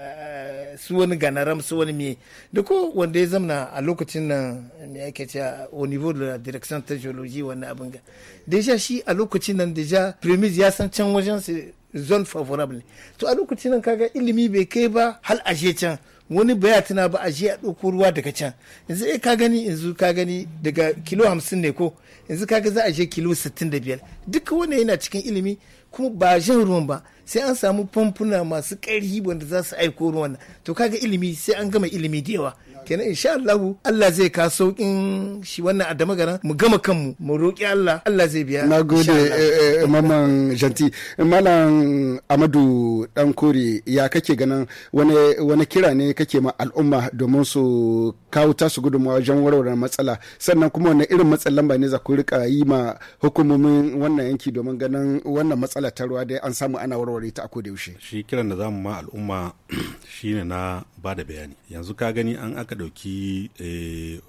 su wani ganaram su wani me da ko wanda ya zamna a lokacin nan me ake cewa au niveau de la direction ta géologie wannan abin ga deja shi a lokacin nan deja premise ya san can wajen su zone favorable to a lokacin nan kaga ilimi bai kai ba hal je can wani baya tana ba a je a ɗauko ruwa daga can yanzu eh ka gani yanzu ka gani daga kilo hamsin ne ko yanzu kaga za a je kilo sittin da biyar duka wani yana cikin ilimi kuma ba jan ruwan ba sai an samu famfuna masu ƙarfi wanda za su aiko ruwan to kaga ilimi sai an gama ilimi da yawa kenan insha Allah Allah zai ka saukin shi wannan adama garan mu gama kanmu mu roki Allah Allah zai biya na gode eh, eh, mamman janti malam Amadu Dankori ya kake ganin wani wani kira ne kake ma al'umma domin su kawo su gudunmawa wajen warware matsala sannan kuma wani irin matsalan lamba ne za ku rika yi ma hukumomin wannan yanki domin ganin wannan matsala ta ruwa dai an samu ana warware ta a kodayaushe shi kiran da zamu ma al'umma [clears throat] shine na ba da bayani yanzu ka gani an ka ɗauki eh,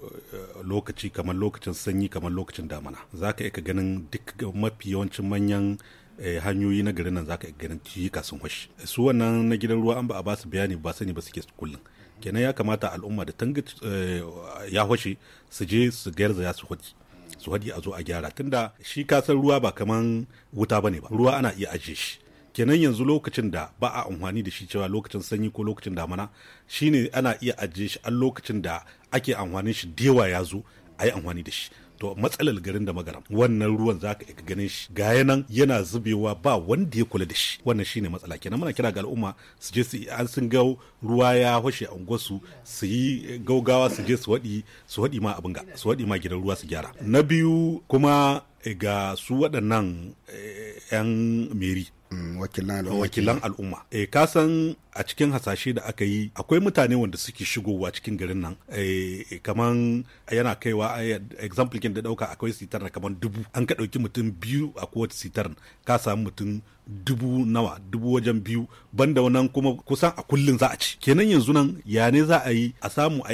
lokaci kamar lokacin sanyi kamar lokacin damana za ka iya ganin duk mafi yawancin manyan eh, hanyoyi na garin nan za ka iya ganin ciyika sun washi su wannan na gidan ruwa an ba a ba su bayani ba sani ba suke kullum kenan ya kamata al'umma da tanga eh, ya washe su je su ya su hoji su a zo a gyara tunda shi kasar ruwa ba kaman wuta bane ba ruwa ana iya ajiye shi kenan yanzu lokacin da ba a amfani da shi cewa lokacin sanyi ko lokacin damana shine ana iya ajiye shi a lokacin da ake amfani shi dewa ya zo a yi amfani da shi to matsalar garin da magaram wannan ruwan za ka ganin shi ga nan yana zubewa ba wanda ya kula da shi wannan shine matsala kenan muna kira ga al'umma su je su an sun ga ruwa ya hoshe a unguwarsu su yi gaugawa su je su waɗi su waɗi ma abin ga su waɗi ma gidan ruwa su gyara na biyu kuma ga su waɗannan 'yan eh, meri Mm, wakilan al'umma e eh, kasan a cikin hasashe da aka yi akwai mutane wanda suke shigowa cikin garin nan e, kaman yana kaiwa eh, example kin da dauka akwai sitar kaman dubu an ka dauki mutum biyu a kowace sitar ka samu mutum dubu nawa dubu wajen biyu banda wannan kuma kusan a kullun za a ci kenan yanzu nan ya ne za a yi a samu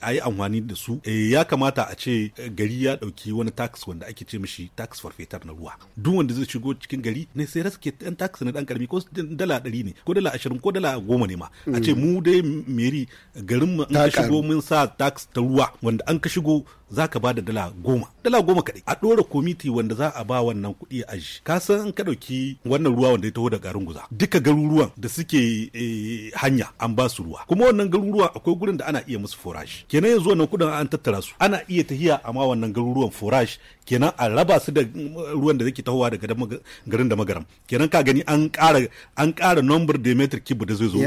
a yi amfani da su e, ya kamata a ce gari ya dauki wani tax wanda ake ce mishi tax forfeitar na ruwa duk wanda zai shigo cikin gari ne sai raske ɗan taxi na ɗan karami ko dala ɗari ne ko dala ashirin ko dala goma ne ma a ce mu dai meri garin mu an ka shigo mun sa tax ta ruwa wanda an ka shigo za ka ba da dala goma dala goma kaɗai a ɗora komiti wanda za a ba wannan kuɗi a aji ka san in ka ɗauki wannan ruwa wanda ya taho da garin guza duka garuruwan da suke eh, hanya an ba su ruwa kuma wannan garuruwan akwai gurin da ana iya musu forage kenan yanzu wannan kuɗin an tattara su ana iya tahiya a ma wannan garuruwan forage kenan a raba su da mm, ruwan da zake tahowa daga garin da magaram kenan ka gani an ƙara an ƙara nombar da kibu da zai zo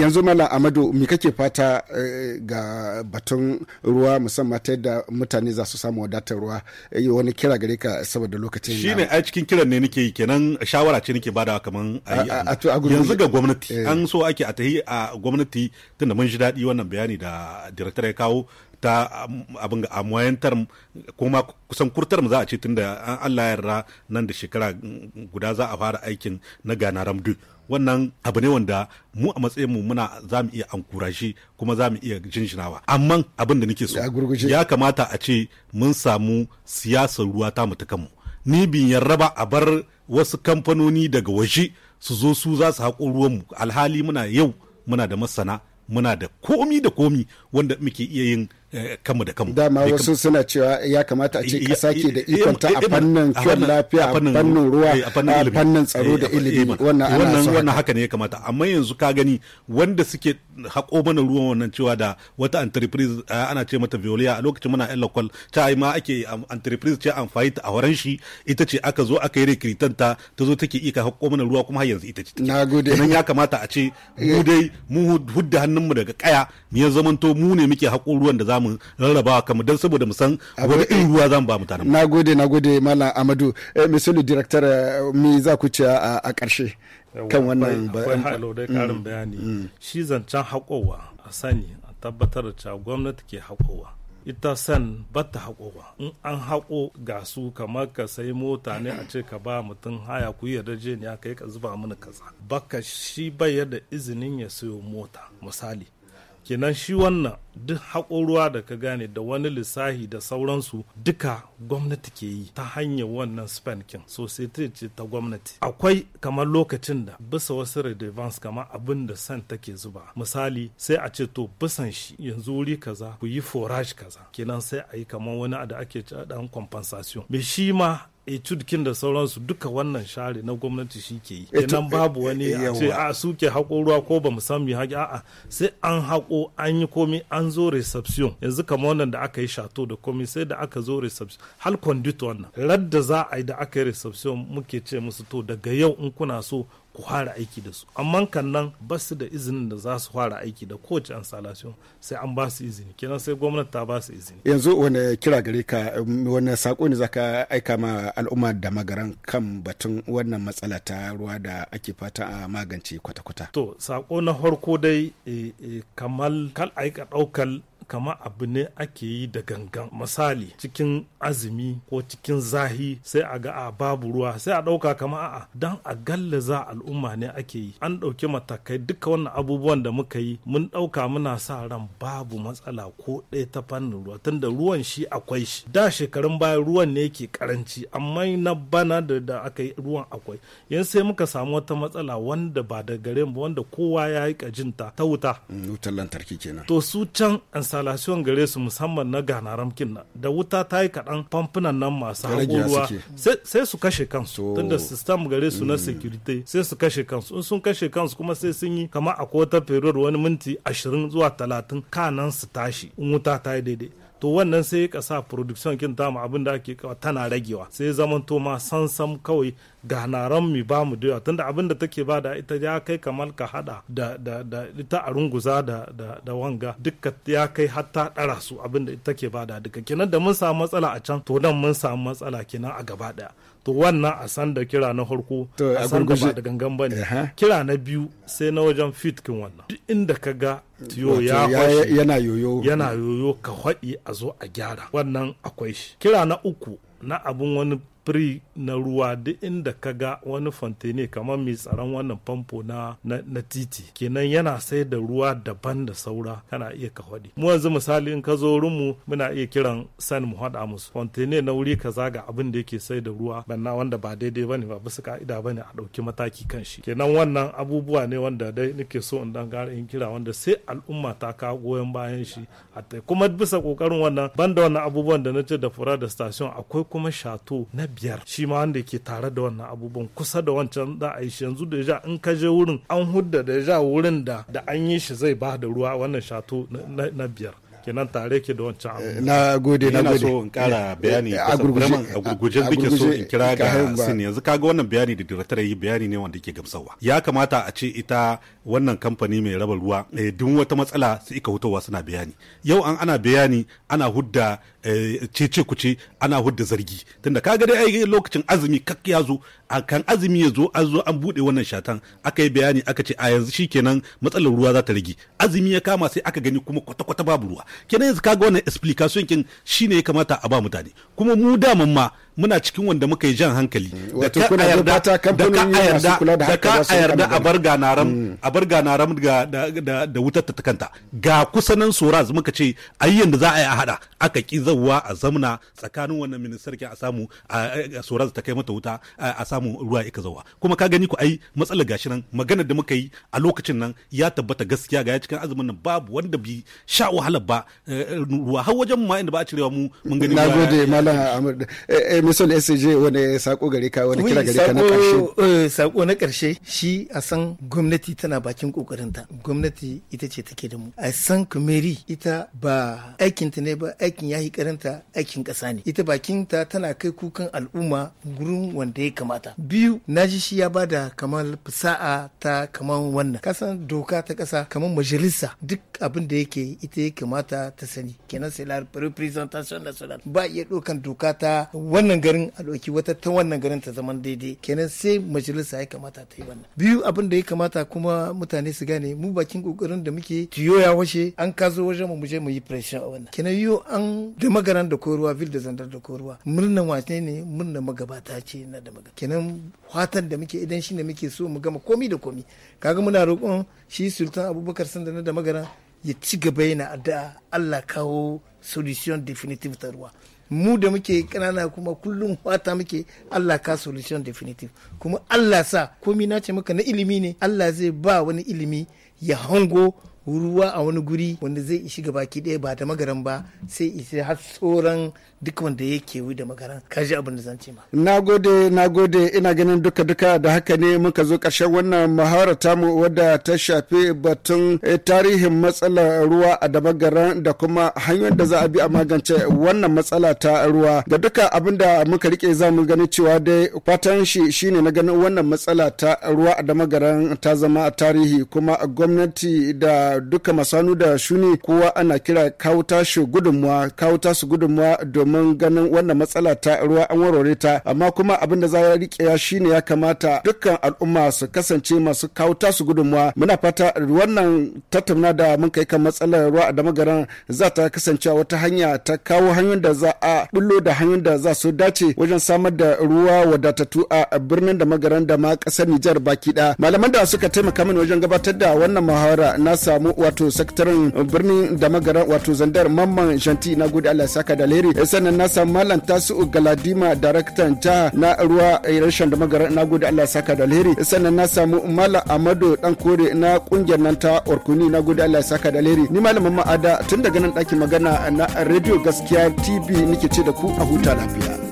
yanzu mala amadu me kake fata eh, ga batun ruwa musamman ta da mutane za su samu wadatar ruwa eh, wani kira gare ka saboda lokacin ne a cikin kiran ne nake yi kenan shawara ce nake bada kaman yanzu ga gwamnati eh. an so ake a tahi a gwamnati tunda mun ji daɗi wannan bayani da director ya kawo ta abin a mayantar kuma kusan kurtar mu za a ce tunda an Allah yarda nan da shekara guda za a fara aikin na Ghana Ramdu wannan abu ne wanda mu a matsayin mu muna za mu iya ankurashi kuma za mu iya jinjinawa amma abin da nake so ya kamata a ce mun samu siyasar ruwa ta mu kanmu ni bin yarraba a bar wasu kamfanoni daga waje su zo su za su haƙo ruwanmu alhali muna yau muna da masana muna da komi da komi wanda muke iya yin Eh, kanmu da kanmu. Dama wasu suna cewa ya kamata a ce kasa ke da ikonta a fannin kiwon lafiya, a fannin ruwa, eh, a fannin tsaro da eh, ilimi. Wannan haka ne ya kamata. Amma yanzu ka gani wanda suke haƙo mana ruwan wannan cewa da wata entreprise ana ce mata Veolia a lokacin muna yan lakwal ta ma ake entreprise ce amfani ta a horan shi ita ce aka zo aka yi rekritan ta ta zo take ika haƙo mana ruwa kuma har yanzu ita ce na gode nan ya kamata a ce mu eh. dai mu hudda hannunmu daga kaya mu ya zamanto mu ne muke haƙo ruwan da zamu rarrabawa kamar dan saboda mu san wani irin eh. ruwa zamu ba mutanen na gode na gode malam amadu eh, misali director mi za ku ce a ƙarshe kan wannan halo dai karin mm, bayani mm. shi zancen haƙowa a sani a tabbatar da cewa gwamnati ke haƙowa ita san bata haƙowa in an haƙo ga su kamar ka sai mota ne a ce ka ba mutum haya ku yarda ne ka yi ka zuba mini kaza baka shi bai da izinin ya sayo mota misali kenan shi wannan duk haƙoruwa da ka gane da wani lissahi da sauransu duka gwamnati ke yi ta hanyar wannan spankin society ce ta gwamnati akwai kamar lokacin da bisa wasu redevans kamar abin da san take zuba misali sai a ce to bisan shi yanzu wuri kaza ku yi forage kaza kenan sai a yi kamar wani da ake dan compensation me shi ma etude kin da sauransu duka wannan share na gwamnati shi ke yi kenan babu wani e- e- a ce a suke haƙo ruwa ko ba mu sami mu haƙi a'a sai an haƙo an yi komi an zo reception yanzu kamar wannan da aka yi shato da komi sai da aka zo reception hal conduit wannan radda za a yi da aka yi reception muke ce musu to daga yau in kuna so ku fara aiki da su amma kan nan ba su da izinin da za su fara aiki da kowace installation sai an ba su izini kenan sai gwamnati ta ba su izini yanzu wani kira gare ka wani sako ne zaka aika ma al'umma da magaran kan batun wannan matsala ta ruwa da ake fata a magance kwata-kwata to sako na farko dai eh, eh, kamal kal aika daukal kama abu ne ake yi da gangan misali cikin azumi ko cikin zahi sai a ga a babu ruwa sai a ɗauka kama a'a dan a galla gallaza al'umma ne ake yi an ɗauki matakai duka wannan abubuwan da muka yi mun ɗauka muna sa ran babu matsala ko ɗaya ta fannin ruwa tunda ruwan shi akwai shi da shekarun baya ruwan ne yake karanci amma na bana da da aka yi ruwan akwai yan sai muka samu wata matsala wanda ba da gare mu wanda kowa ya yi kajinta ta wuta mm, wutar lantarki kenan to su can an installation gare su musamman na gana ramkin na da wuta ta yi kaɗan famfunan nan masu haƙuruwa sai su kashe kansu tunda system gare su na mm. security sai su kashe kansu in sun kashe kansu kuma sai sun yi kama a wata period wani minti ashirin zuwa talatin kanan su tashi in wuta ta yi daidai to wannan sai ka sa production kin tamu abin da ake kawa tana ragewa sai zaman to ma sansam kawai ran mi ba mu da tunda abin da take ba da ita ya kai kamar ka hada da da da ita a runguza da da wanga dukka ya kai hatta dara su abin da ita take ba da duka kenan da mun samu matsala a can to nan mun samu matsala kenan a gaba daya to wannan a san da kira na farko a san da ba da gangan ba ne kira na biyu sai na wajen fit kin wannan duk inda ka ga tiyo ya yana yoyo yana yoyo ka haɗi a zo a gyara wannan akwai shi kira na uku na abun wani free na ruwa duk inda ka ga wani fontaine kamar mai tsaron wannan famfo na, na, titi kenan yana sai da ruwa daban da saura kana iya ka faɗi mu yanzu misali in ka zo rumu muna iya kiran san mu hada musu fantene na wuri kaza ga abin da yake sai da ruwa banna wanda ba daidai bane ba bisa ka'ida bane a ɗauki mataki kan shi kenan wannan abubuwa ne wanda dai nake so in dan gara in kira wanda sai al'umma ta ka goyon bayan shi kuma bisa kokarin wannan banda wannan abubuwan da na ce da fura da station akwai kuma shato na biyar shi ma da ke tare da wannan abubuwan kusa da wancan za a yi shi yanzu da ja in ka je wurin an hudda da ja wurin da da an yi shi zai ba da ruwa wannan shato na biyar kenan tare ke da wancan abu eh, na gode na gode so in kara eh, bayani a gurguje duke so in kira ga sin yanzu kaga wannan bayani da director yi bayani ne wanda ke gamsarwa ya kamata a ce ita wannan kamfani mai raba ruwa eh, duk wata matsala su ika hutowa suna bayani yau an ana bayani ana hudda cece kuce ana hudda zargi tunda kaga dai ai lokacin azumi kak ya zo kan azumi ya zo an zo an bude wannan shatan aka yi bayani aka ce a yanzu shikenan matsalar ruwa za ta rage azumi ya kama sai aka gani kuma kwata-kwata babu ruwa kenan yanzu kaga wannan explication kin shine ya kamata a ba mutane kuma mu daman ma muna cikin wanda muka yi jan hankali mm. da ka a yarda da ka a mm. a bar ganaram a bar ganaram da wutar ta kanta ga kusanan soraz muka ce ayyan da za a yi a hada aka ki zauwa a zamna tsakanin wannan ministarki a samu soraz ta kai mata wuta a samu ruwa ika zauwa kuma ka gani ku ai matsalar gashi nan maganar da muka yi a lokacin nan ya tabbata gaskiya ga cikin azumin nan babu wanda bi sha wahala ba eh, ruwa har wajen ma inda ba a cirewa mu mun gani na gode malam Mison SJ wani sako gare ka wani kira gare ka na karshe. Eh, sako na karshe shi a san gwamnati tana bakin kokarinta. Gwamnati ita ce take da mu. A san kumeri ita ba aikin ta ne ba aikin y'a yi karanta aikin kasa ne. Ita bakin ta tana kai kukan al'umma gurin wanda ya kamata. Biyu naji shi ya bada kamar fasa'a ta kamar wannan. Kasan doka ta kasa kamar majalisa duk abin da yake ita ya kamata ta sani. Kenan sai la representation nationale. Ba iya dokan doka ta wannan wannan garin a ɗauki wata ta wannan garin ta zaman daidai kenan sai majalisa ya kamata ta yi wannan biyu abin da ya kamata kuma mutane su gane mu bakin kokarin da muke tiyo ya washe an kazo wajen mu je mu yi pressure a wannan kenan yo an da magaran da koruwa vil da zandar da koruwa murnan wace ne murnan magabata ce na da magana kenan fatan da muke idan shine muke so mu gama komi da komi kaga muna roƙon shi sultan abubakar sanda na da magana ya ci gaba yana addu'a Allah kawo solution definitive ta ruwa mu da muke kanana kuma kullum wata muke Allah ka solution definitive kuma Allah sa komi na ce maka na ilimi ne Allah zai ba wani ilimi ya hango ruwa a wani guri wanda zai ishi baki ɗaya ba da magaran ba sai isa har tsoron duk wanda ya kewu da magaran kaji abin da zan ce ma. Na gode, na gode ina ganin duka duka da haka ne muka zo ƙarshen wannan muhawara tamu wadda ta shafi batun eh, tarihin matsalar ruwa a da da kuma hanyar da za a bi a magance wannan matsala ta ruwa. Ga duka abin da muka rike za mu gani cewa dai fatan shi shine na ganin wannan matsala ta ruwa a da ta zama tarihi kuma gwamnati da duka masanu da shuni kowa ana kira kawo tashi gudunmuwa kawo tasu gudunmuwa domin ganin wannan matsala ta ruwa an warware ta amma kuma abin da za ya rike ya shine ya kamata dukkan al'umma su kasance masu kawo tasu gudunmuwa muna fata wannan tattauna da mun kai kan matsalar ruwa a damagaran za ta kasance wata hanya ta kawo hanyoyin da za a bullo da hanyoyin da za su dace wajen samar da ruwa wadatattu a birnin da magaran da ma kasar Nijar baki da malaman da suka taimaka mini wajen gabatar da wannan muhawara na samu wato sakataren birnin da magaran wato zandar mamman shanti na gode Allah saka da alheri sannan na samu malam tasu galadima daraktan ta na ruwa eh, rashin da magara na gode allah saka da alheri sannan na samu malam amadu dan kore na kungiyar nan ta orkuni na gode allah saka da alheri ni malamin ma'ada tun daga nan ɗakin magana na rediyo gaskiya tv nike ce da ku a huta lafiya.